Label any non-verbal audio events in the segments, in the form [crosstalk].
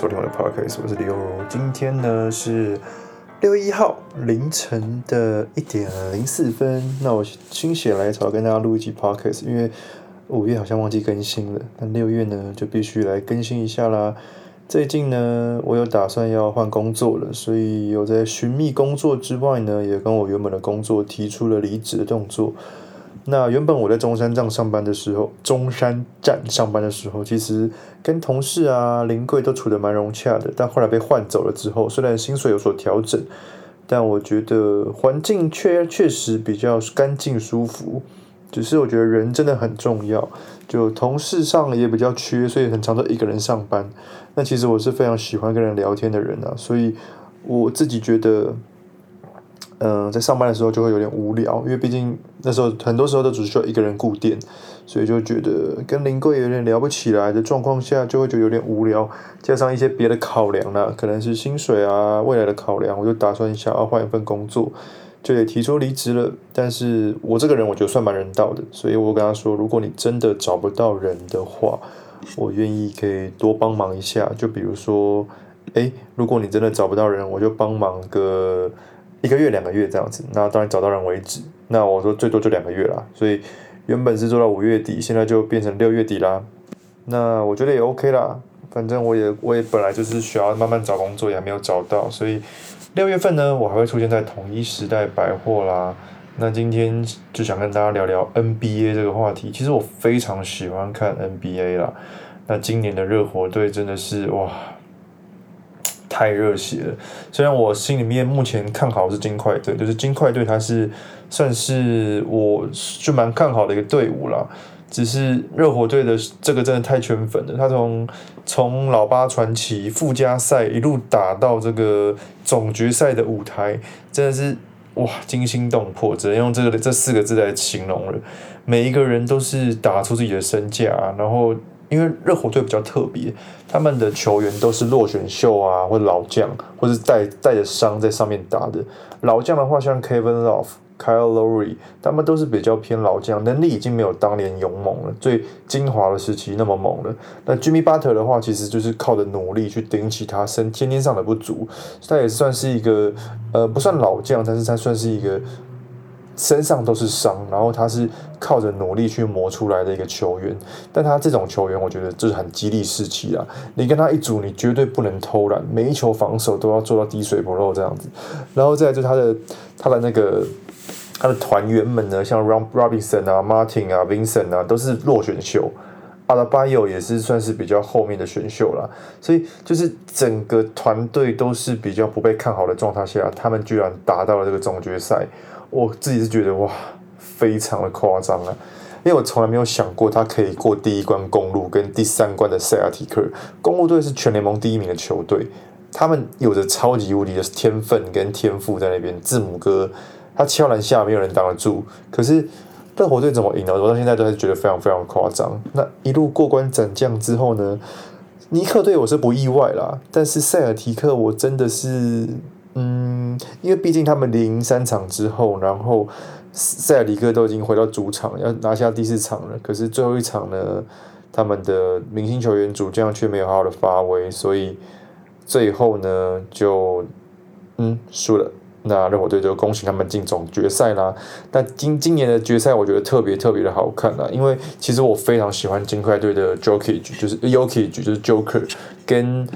昨天我的 podcast 我是李蓉蓉，今天呢是六月一號凌晨的一點零四分。那我心血來潮跟大家錄一集 podcast，因為五月好像忘記更新了，那六月呢就必須來更新一下啦。最近呢，我有打算要換工作了，所以有在尋覓工作之外呢，也跟我原本的工作提出了離職的動作。那原本我在中山站上班的時候，中山站上班的時候，其實跟同事啊、鄰櫃都處得蠻融洽的。但後來被換走了之後，雖然薪水有所調整，但我覺得環境確確實比較乾淨舒服。只是我覺得人真的很重要，就同事上也比較缺，所以很常都一個人上班。那其實我是非常喜歡跟人聊天的人啊，所以我自己覺得。嗯，在上班的時候就會有點無聊，因為畢竟那時候很多時候都只需要一個人顧店。所以就覺得跟鄰櫃有點聊不起來的狀況下，就會覺得有點無聊。加上一些別的考量呢、啊，可能是薪水啊、未來的考量，我就打算想要換一份工作，就得提出離職了。但是我這個人我覺得算蠻人道的，所以我跟他說，如果你真的找不到人的話，我願意可以多幫忙一下。就比如說，誒，如果你真的找不到人，我就幫忙個。一個月兩個月這樣子，那當然找到人為止。那我說最多就兩個月啦，所以原本是做到五月底，現在就變成六月底啦。那我覺得也 OK 啦，反正我也我也本來就是需要慢慢找工作，也還沒有找到，所以六月份呢，我還會出現在統一時代百貨啦。那今天就想跟大家聊聊 NBA 這個話題，其實我非常喜歡看 NBA 啦。那今年的熱火隊真的是哇！太熱血了！雖然我心裡面目前看好是金塊隊，就是金塊隊，他是算是我就蠻看好的一個隊伍啦。只是熱火隊的這個真的太圈粉了，他從從老八傳奇附加賽一路打到這個總決賽的舞台，真的是哇，驚心動魄，只能用這個這四個字來形容了。每一個人都是打出自己的身價啊，然後。因為熱火隊比較特別，他們的球員都是落選秀啊，或老將，或者帶帶着傷在上面打的。老將的話，像 Kevin Love、Kyle Lowry，他們都是比較偏老將，能力已經沒有當年勇猛了，最精華的時期那麼猛了。那 Jimmy Butler 的話，其實就是靠着努力去頂起他身，先天上的不足，他也算是一個，呃，不算老將，但是他算是一個。身上都是傷，然後他是靠着努力去磨出來的一個球員，但他這種球員，我覺得就是很激勵士氣啊！你跟他一組，你絕對不能偷懶，每一球防守都要做到滴水不漏這樣子。然後再來就他的他的那個他的團員們呢，像 Robinson 啊、Martin 啊、Vincent 啊，都是落選秀，Adebayo 也是算是比較後面的選秀啦。所以就是整個團隊都是比較不被看好的狀態下，他們居然打到了這個總決賽。我自己是覺得哇，非常的誇張啊！因為我從來沒有想過他可以過第一關公鹿跟第三關的塞爾提克。公鹿隊是全聯盟第一名的球隊，他們有着超級無敵的天分跟天賦在那邊。字母哥他敲籃下沒有人擋得住，可是熱火隊怎麼贏的啊？我到現在都還是覺得非常非常誇張。那一路過關斬將之後呢，尼克隊我是不意外啦，但是塞爾提克我真的是。嗯，因為畢竟他們零三場之後，然後塞爾提克都已經回到主場要拿下第四場了。可是最後一場呢，他們的明星球員主將卻沒有好好的發揮，所以最後呢就嗯輸了。嗯、那熱火隊就恭喜他們進總決賽啦。但今今年的決賽我覺得特別特別的好看啊，因為其實我非常喜歡金塊隊的 Jokic，、ok、就是 Jokic、ok、就是 Joker 跟。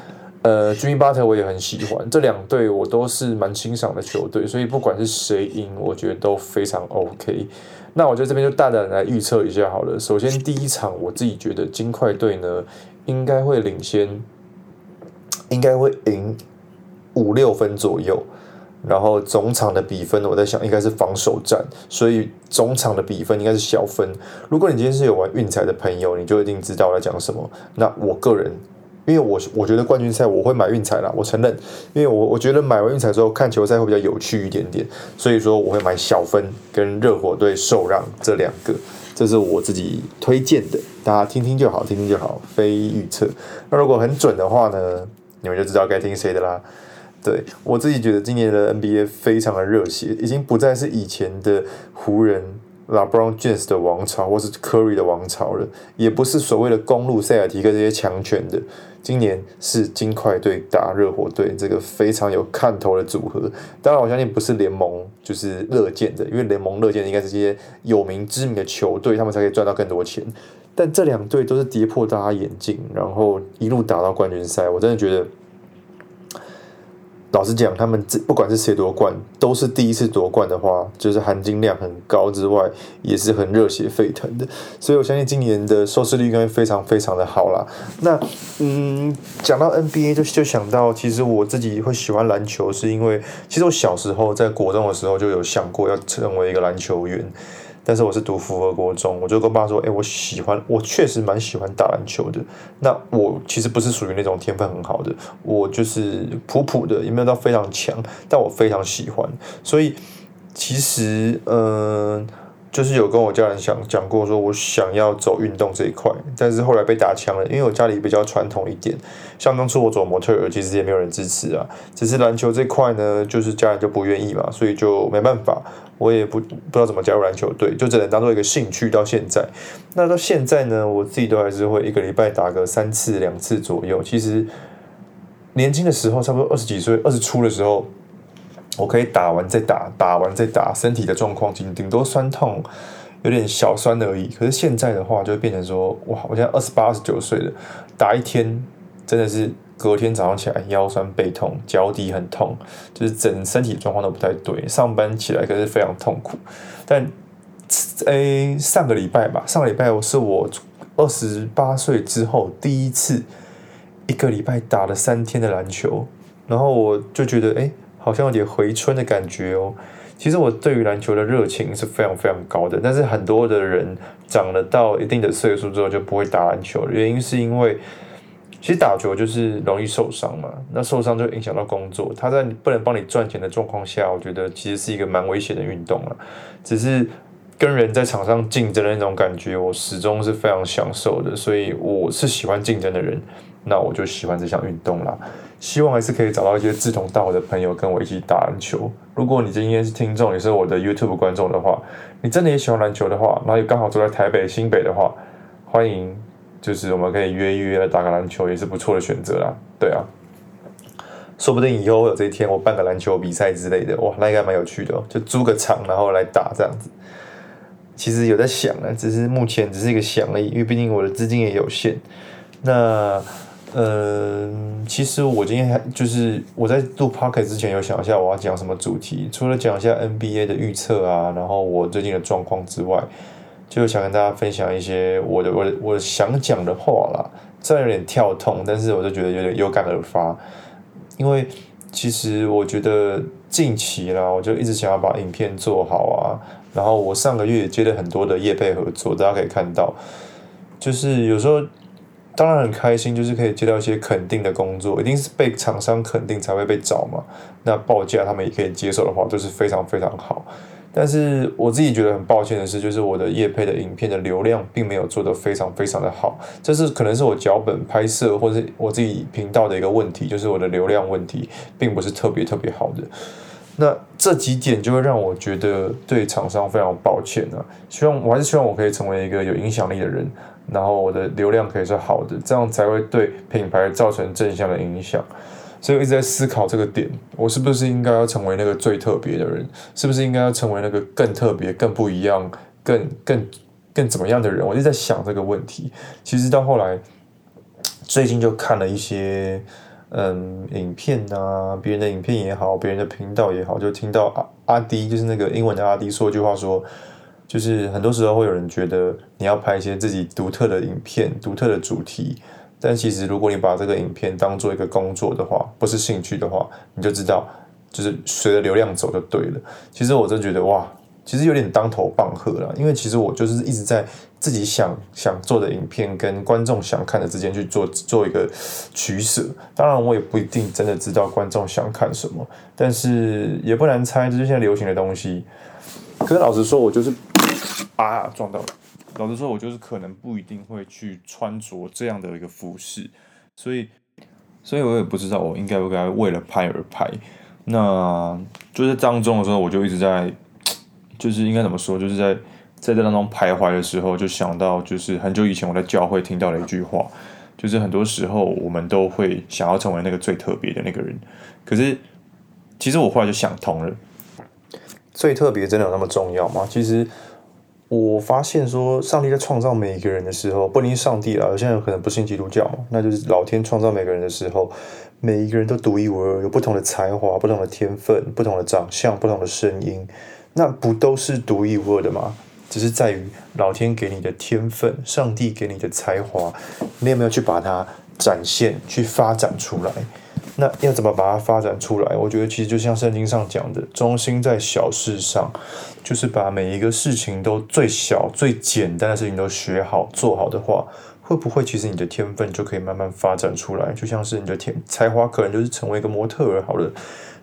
呃，軍巴特我也很喜歡，這兩隊我都是蠻欣賞的球隊，所以不管是誰贏，我覺得都非常 OK。那我在這邊就大膽來預測一下好了。首先第一場，我自己覺得金塊隊呢應該會領先，應該會贏五六分左右。然後總場的比分，我在想應該是防守戰，所以總場的比分應該是小分。如果你今天是有玩運彩的朋友，你就一定知道我在講什麼。那我個人。因為我我覺得冠軍賽我會買運彩啦，我承認，因為我我覺得買完運彩之後看球賽會比較有趣一點點，所以說我會買小分跟熱火隊受讓這兩個，這是我自己推薦的，大家聽聽就好，聽聽就好，非預測。那如果很準的話呢，你們就知道該聽誰的啦。對，我自己覺得今年的 NBA 非常的熱血，已經不再是以前的湖人 LeBron James 的王朝，或是 Curry 的王朝了，也不是所謂的公路賽爾提克這些強權的。今年是金塊隊打熱火隊，這個非常有看頭的組合，當然我相信不是聯盟就是樂見的，因為聯盟樂見應該是這些有名知名的球隊，他們才可以賺到更多錢。但這兩隊都是跌破大家眼鏡，然後一路打到冠軍賽，我真的覺得。老實講，他們不管是誰奪冠，都是第一次奪冠的話，就是含金量很高之外，也是很熱血沸騰的。所以，我相信今年的收視率應該非常非常的好啦。那，嗯，講到 NBA，就就想到，其實我自己會喜歡籃球，是因為其實我小時候在國中的時候就有想過要成為一個籃球員。但是我是讀福和國中，我就跟爸說：“哎，我喜歡，我確實蠻喜歡打籃球的。那我其實不是屬於那種天分很好的，我就是普普的，也沒有到非常強，但我非常喜歡。所以其實，嗯、呃。”就是有跟我家人講講過，說我想要走運動這一塊，但是後來被打槍了，因為我家裡比較傳統一點，像當初我走模特兒，其實也沒有人支持啊。只是籃球這一塊呢，就是家人就不願意嘛，所以就沒辦法，我也不不知道怎麼加入籃球隊，就只能當做一個興趣到現在。那到現在呢，我自己都還是會一個禮拜打個三次、兩次左右。其實年輕的時候，差不多二十幾歲、二十出的時候。我可以打完再打，打完再打，身體的狀況僅頂多酸痛，有點小酸而已。可是現在的話，就會變成說，哇！我現在二十八、二十九歲了，打一天真的是隔天早上起來腰酸背痛，腳底很痛，就是整身體狀況都不太對。上班起來可是非常痛苦。但誒，誒，上個禮拜吧，上個禮拜我是我二十八歲之後第一次一個禮拜打了三天的籃球，然後我就覺得，哎。好像有點回春的感覺哦。其實我對於籃球的熱情是非常非常高的，但是很多的人長得到一定的歲數之後就不會打籃球了，原因是因為，其實打球就是容易受傷嘛。那受傷就影響到工作，他在不能幫你賺錢的狀況下，我覺得其實是一個蠻危險的運動了。只是跟人在場上競爭的那種感覺，我始終是非常享受的，所以我是喜歡競爭的人，那我就喜歡這項運動了。希望還是可以找到一些志同道合的朋友跟我一起打籃球。如果你今天是聽眾，也是我的 YouTube 觀眾的話，你真的也喜歡籃球的話，那也剛好住在台北新北的話，歡迎，就是我們可以約一約，打個籃球也是不錯的選擇啦。對啊，說不定以後有這一天，我辦個籃球比賽之類的，哇，那應該蠻有趣的哦，就租個場然後來打這樣子。其實有在想啊，只是目前只是一個想而已，因為畢竟我的資金也有限。那。嗯，其實我今天還就是我在錄 podcast 之前有想一下我要講什麼主題，除了講一下 NBA 的預測啊，然後我最近的狀況之外，就想跟大家分享一些我的我的我的想講的話啦，雖然有點跳痛，但是我就覺得有點有感而發，因為其實我覺得近期啦，我就一直想要把影片做好啊，然後我上個月也接了很多的業配合作，大家可以看到，就是有時候。當然很開心，就是可以接到一些肯定的工作，一定是被廠商肯定才會被找嘛。那報價他們也可以接受的話，都是非常非常好。但是我自己覺得很抱歉的是，就是我的業配的影片的流量並沒有做得非常非常的好，這是可能是我腳本拍攝或者我自己頻道的一個問題，就是我的流量問題並不是特別特別好的。那這幾點就會讓我覺得對廠商非常抱歉呢、啊。希望我還是希望我可以成為一個有影響力的人。然後我的流量可以是好的，這樣才會對品牌造成正向的影響。所以我一直在思考這個點，我是不是應該要成為那個最特別的人？是不是應該要成為那個更特別、更不一樣、更更更怎麼樣的人？我就在想這個問題。其實到後來，最近就看了一些嗯影片啊，別人的影片也好，別人的頻道也好，就聽到阿阿 D，就是那個英文的阿 D，說一句話說。就是很多時候會有人覺得你要拍一些自己獨特的影片、獨特的主題，但其實如果你把這個影片當做一個工作的話，不是興趣的話，你就知道，就是隨着流量走就對了。其實我真覺得哇，其實有點當頭棒喝了，因為其實我就是一直在自己想想做的影片跟觀眾想看的之間去做做一個取捨。當然，我也不一定真的知道觀眾想看什麼，但是也不難猜，就是現在流行的東西。可是老實說，我就是。啊！撞到了。老實說，我就是可能不一定會去穿着這樣的一個服飾，所以，所以我也不知道我應該不該為了拍而拍。那就是當中的時候，我就一直在，就是應該怎麼說？就是在在這當中徘徊的時候，就想到，就是很久以前我在教會聽到了一句話，就是很多時候我們都會想要成為那個最特別的那個人。可是，其實我後來就想通了，最特別真的有那麼重要嗎？其實。我發現說，上帝在創造每一個人的時候，不一定上帝啊，有些人可能不信基督教嘛，那就是老天創造每個人的時候，每一個人都獨一無二，有不同的才華、不同的天分、不同的長相、不同的聲音，那不都是獨一無二的嗎？只是在於老天給你的天分，上帝給你的才華，你有沒有去把它展現、去發展出來？那要怎麼把它發展出來？我覺得其實就像聖經上講的，中心在小事上，就是把每一個事情都最小、最簡單的事情都學好、做好的話，會不會其實你的天分就可以慢慢發展出來？就像是你的天才華，可能就是成為一個模特兒好了。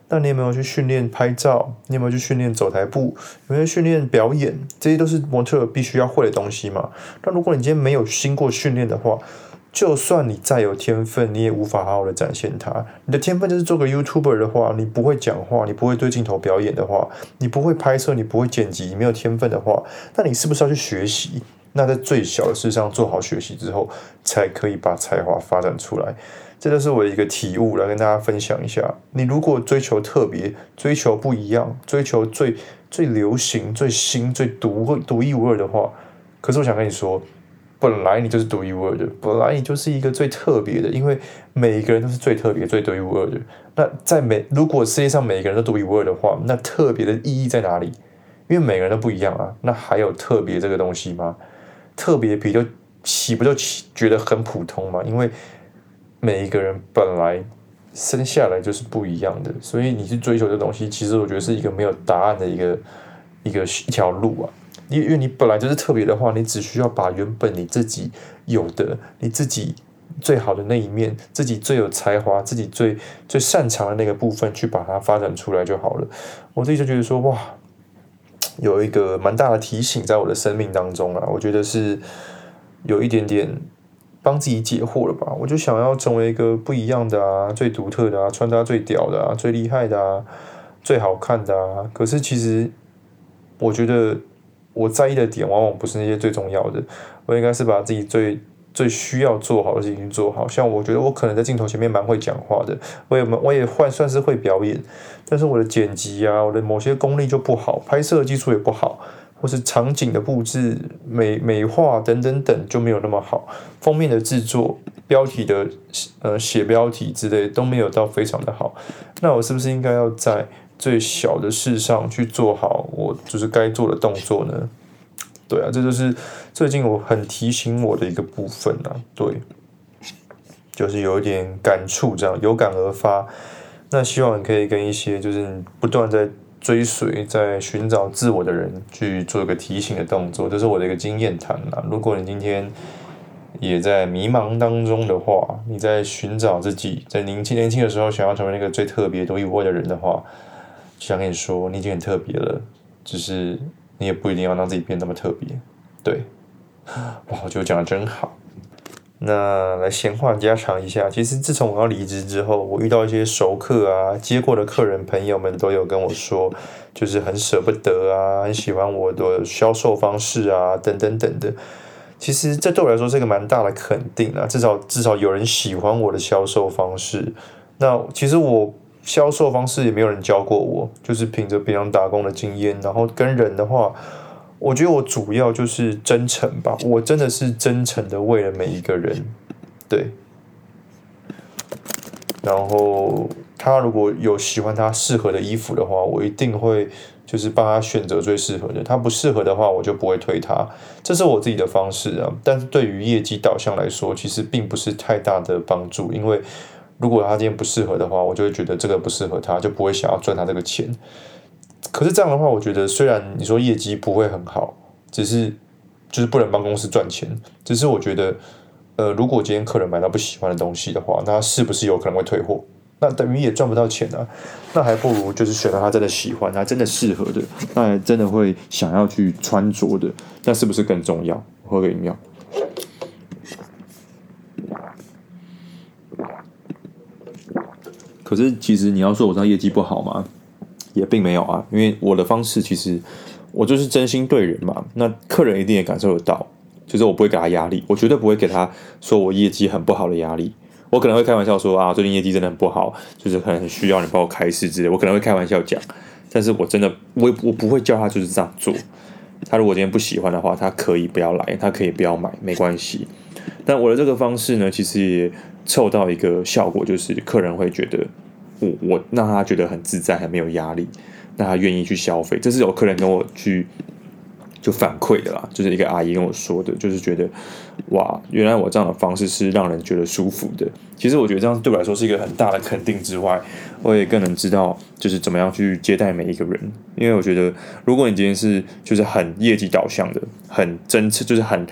那你有沒有去訓練拍照？你有沒有去訓練走台步？有沒有訓練表演？這些都是模特必須要會的東西嘛。但如果你今天沒有經過訓練的話，就算你再有天分，你也無法好好的展現它。你的天分就是做個 YouTuber 的話，你不會講話，你不會對鏡頭表演的話，你不會拍攝，你不會剪輯，你沒有天分的話，那你是不是要去學習？那在最小的事上做好學習之後，才可以把才華發展出來。這就是我的一個體悟，來跟大家分享一下。你如果追求特別、追求不一樣、追求最最流行、最新、最獨獨一無二的話，可是我想跟你說。本來你就是獨一無二的，本來你就是一個最特別的，因為每一個人都是最特別、最獨一無二的。那在每，如果世界上每個人都獨一無二的話，那特別的意義在哪裡？因為每個人都不一樣啊，那還有特別這個東西嗎？特別比就豈不就覺得很普通嗎？因為每一個人本來生下來就是不一樣的，所以你去追求這東西，其實我覺得是一個沒有答案的一個一個一條路啊。因為你本來就是特別的話，你只需要把原本你自己有的、你自己最好的那一面、自己最有才華、自己最最擅長的那個部分，去把它發展出來就好了。我自己就覺得說，哇，有一個蠻大的提醒在我的生命當中啊，我覺得是有一點點幫自己解惑了吧。我就想要成為一個不一樣的啊、最獨特的啊、穿搭最屌的啊、最厲害的啊、最好看的啊。可是其實我覺得。我在意的點往往不是那些最重要的，我應該是把自己最最需要做好的事情做好。像我覺得我可能在鏡頭前面蠻會講話的，我也我也換算是會表演，但是我的剪輯啊，我的某些功力就不好，拍攝技術也不好，或是場景的布置美美化等等等就沒有那麼好。封面的製作、標題的呃寫標題之類都沒有到非常的好。那我是不是應該要在？最小的事上去做好，我就是該做的動作呢。對啊，這就是最近我很提醒我的一個部分啊。對，就是有一點感觸，這樣有感而發。那希望你可以跟一些就是不斷在追隨、在尋找自我的人去做一個提醒的動作，這是我的一個經驗談了。如果你今天也在迷茫當中的話，你在尋找自己，在年輕年輕的時候想要成為一個最特別獨一無二的人的話。想跟你說，你已經很特別了，只是你也不一定要讓自己變那麼特別。對，哇，我覺得講得真好。那來閒話家常一下，其實自從我要離職之後，我遇到一些熟客啊，接過的客人朋友們都有跟我說，就是很捨不得啊，很喜歡我的銷售方式啊，等等等等的。其實這對我來說是一個蠻大的肯定啊，至少至少有人喜歡我的銷售方式。那其實我。銷售方式也沒有人教過我，就是憑着別人打工的經驗，然後跟人的話，我覺得我主要就是真誠吧，我真的是真誠的為了每一個人，對。然後他如果有喜歡他適合的衣服的話，我一定會就是幫他選擇最適合的。他不適合的話，我就不會推他，這是我自己的方式啊。但是對於業績導向來說，其實並不是太大的幫助，因為。如果他今天不適合的話，我就會覺得這個不適合他，就不會想要賺他這個錢。可是這樣的話，我覺得雖然你說業績不會很好，只是就是不能幫公司賺錢，只是我覺得，呃，如果今天客人買到不喜歡的東西的話，那是不是有可能會退貨？那等於也賺不到錢啊。那還不如就是選到他真的喜歡、他真的適合的，那真的會想要去穿着的，那是不是更重要？我喝個飲料。可是，其實你要說我知道業績不好嗎？也並沒有啊，因為我的方式其實我就是真心對人嘛。那客人一定也感受得到，就是我不會給他壓力，我絕對不會給他說我業績很不好的壓力。我可能會開玩笑說啊，最近業績真的很不好，就是可能很需要你幫我開釋之類。我可能會開玩笑講，但是我真的，我我不會叫他就是這樣做。他如果今天不喜歡的話，他可以不要來，他可以不要買，沒關係。但我的這個方式呢，其實也。湊到一個效果，就是客人會覺得我，我讓他覺得很自在，很沒有壓力，那他願意去消費。這是有客人跟我去就反饋的啦，就是一個阿姨跟我說的，就是覺得哇，原來我這樣的方式是讓人覺得舒服的。其實我覺得這樣對我來說是一個很大的肯定之外，我也更能知道就是怎麼樣去接待每一個人。因為我覺得如果你今天是就是很業績導向的，很真，氣，就是很。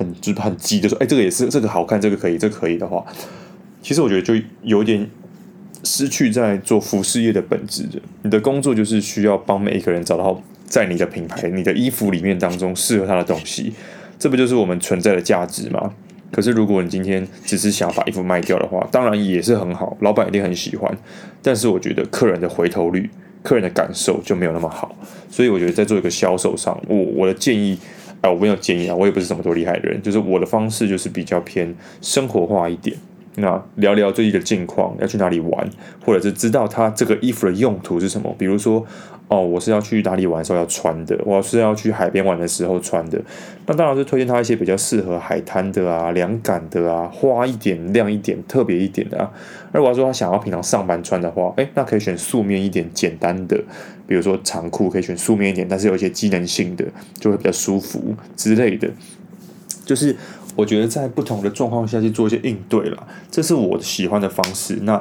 很，就很急，就說，哎、欸，這個也是，這個好看，這個可以，這個可以的話，其實我覺得就有點失去在做服飾業的本質的。你的工作就是需要幫每一個人找到在你的品牌、你的衣服裡面當中適合他的東西，這不就是我們存在的價值嗎？可是如果你今天只是想把衣服賣掉的話，當然也是很好，老闆一定很喜歡。但是我覺得客人的回頭率、客人的感受就沒有那麼好，所以我覺得在做一個銷售上，我我的建議。啊、哎，我沒有建議啊，我也不是什麼多厲害的人，就是我的方式就是比較偏生活化一點。那聊聊最近的近況，要去哪裡玩，或者是知道他這個衣服的用途是什麼，比如說。哦，我是要去哪裡玩的時候要穿的，我是要去海邊玩的時候穿的，那當然是推薦他一些比較適合海灘的啊，涼感的啊，花一點，亮一點，特別一點的啊。而我要說他想要平常上班穿的話，誒、欸，那可以選素面一點簡單的，比如說長褲可以選素面一點，但是有一些機能性的就會比較舒服之類的。就是我覺得在不同的狀況下去做一些應對啦，這是我喜歡的方式。那。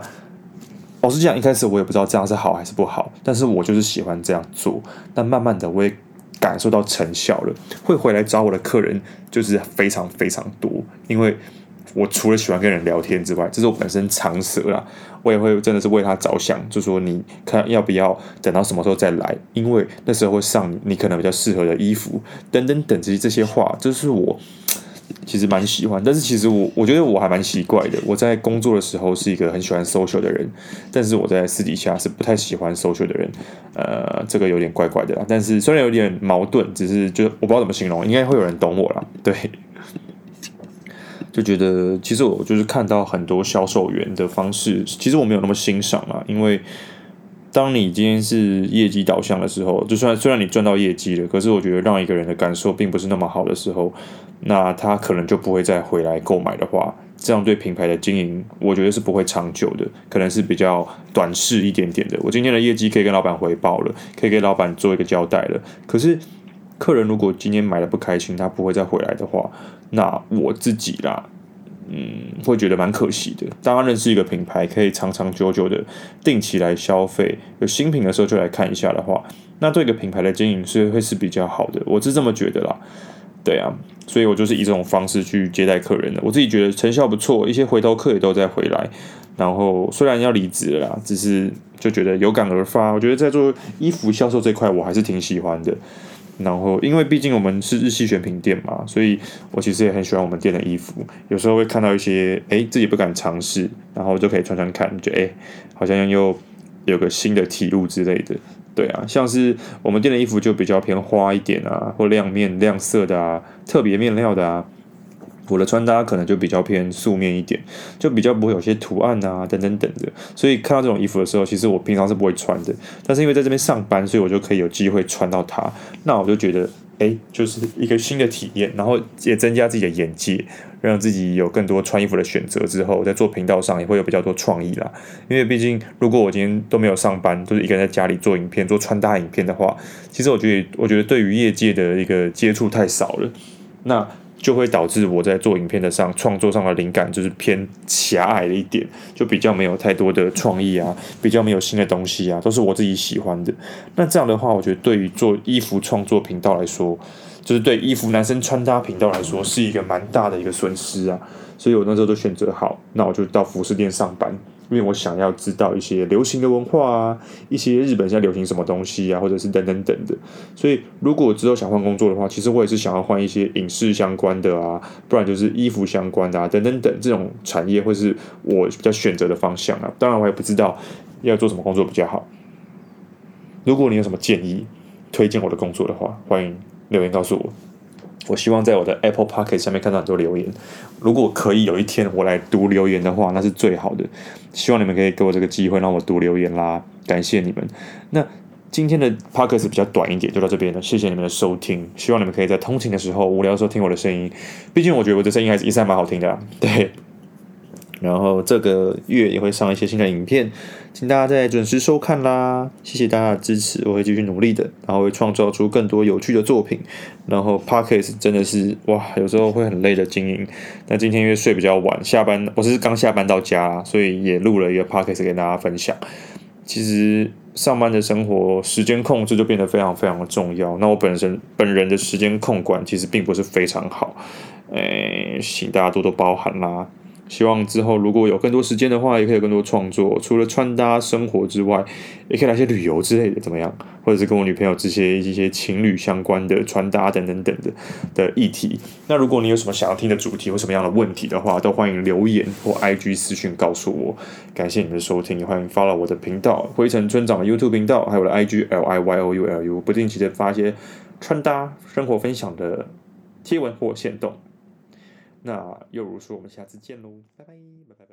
我、哦、是這樣，一開始我也不知道這樣是好還是不好，但是我就是喜歡這樣做。但慢慢的，我也感受到成效了，會回來找我的客人就是非常非常多。因為我除了喜歡跟人聊天之外，這是我本身長舌啦，我也會真的是為他着想，就說你看要不要等到什麼時候再來，因為那時候會上你可能比較適合的衣服等等等等這些話，這、就是我。其實蠻喜歡，但是其實我我覺得我還蠻奇怪的。我在工作的時候是一個很喜歡 social 的人，但是我在私底下是不太喜歡 social 的人。呃，這個有點怪怪的啦，但是雖然有點矛盾，只是就我不知道怎麼形容，應該會有人懂我啦。對，就覺得其實我就是看到很多銷售員的方式，其實我沒有那麼欣賞啦，因為。當你今天是業績導向的時候，就算雖，雖然你賺到業績了，可是我覺得讓一個人的感受並不是那麼好的時候，那他可能就不會再回來購買的話，這樣對品牌的經營，我覺得是不會長久的，可能是比較短視一點點的。我今天的業績可以跟老闆回報了，可以給老闆做一個交代了。可是客人如果今天買得不開心，他不會再回來的話，那我自己啦。嗯，會覺得蠻可惜的。當然，認識一個品牌，可以長長久久的定期來消費，有新品的時候就來看一下的話，那對一個品牌的經營是會是比較好的。我是這麼覺得啦。對啊，所以我就是以這種方式去接待客人的。我自己覺得成效不錯，一些回頭客也都在回來。然後雖然要離職了啦，只是就覺得有感而發。我覺得在做衣服銷售這塊，我還是挺喜歡的。然後，因為畢竟我們是日系選品店嘛，所以我其實也很喜歡我們店的衣服。有時候會看到一些哎，自己不敢嘗試，然後就可以穿穿看，覺得哎，好像又有個新的體悟之類的。對啊，像是我們店的衣服就比較偏花一點啊，或亮面、亮色的啊，特別面料的啊。我的穿搭可能就比較偏素面一點，就比較不會有些圖案啊等等等的，所以看到這種衣服的時候，其實我平常是不會穿的。但是因為在這邊上班，所以我就可以有機會穿到它。那我就覺得，哎、欸，就是一個新的體驗，然後也增加自己的眼界，讓自己有更多穿衣服的選擇。之後在做頻道上也會有比較多創意啦。因為畢竟，如果我今天都沒有上班，都、就是一個人在家裡做影片、做穿搭影片的話，其實我覺得，我覺得對於業界的一個接觸太少了。那就會導致我在做影片的上創作上的靈感就是偏狹隘了一點，就比較沒有太多的創意啊，比較沒有新的東西啊，都是我自己喜歡的。那這樣的話，我覺得對於做衣服創作頻道來說，就是對衣服男生穿搭頻道來說，是一個蠻大的一個損失啊。所以我那時候都選擇好，那我就到服飾店上班。因為我想要知道一些流行的文化啊，一些日本現在流行什麼東西啊，或者是等等等的。所以如果之後想換工作的話，其實我也是想要換一些影視相關的啊，不然就是衣服相關的啊，等等等這種產業會是我比較選擇的方向啊。當然我也不知道要做什麼工作比較好。如果你有什麼建議推薦我的工作的話，歡迎留言告訴我。我希望在我的 Apple Podcast 上面看到很多留言。如果可以有一天我來讀留言的話，那是最好的。希望你們可以給我這個機會讓我讀留言啦，感謝你們。那今天的 Podcast 比較短一點，就到這邊了。謝謝你們的收聽，希望你們可以在通勤的時候、無聊的時候聽我的聲音。畢竟我覺得我的聲音還是一直蠻好聽的啊，對。然後這個月也會上一些新的影片，請大家再準時收看啦！謝謝大家的支持，我會繼續努力的，然後會創造出更多有趣的作品。然後 podcast 真的是哇，有時候會很累的經營。但今天因為睡比較晚，下班我是剛下班到家，所以也錄了一個 podcast 給大家分享。其實上班的生活時間控制就變得非常非常的重要。那我本身本人的時間控管其實並不是非常好，哎，請大家多多包涵啦。希望之後如果有更多時間的話，也可以有更多創作。除了穿搭生活之外，也可以來些旅遊之類的，怎麼樣？或者是跟我女朋友這些一些情侶相關的穿搭等等等，等的的議題。 [laughs] 那如果你有什麼想要聽的主題，有什麼樣的問題的話，都歡迎留言或 IG 私訊告訴我。感謝你的收聽，也歡迎 follow 我的頻道“灰塵村長”的 YouTube 頻道，還有我的 IG L I Y O U L U，不定期的發一些穿搭生活分享的貼文或限動。那又如說，我們下次見嘍，拜拜，拜拜。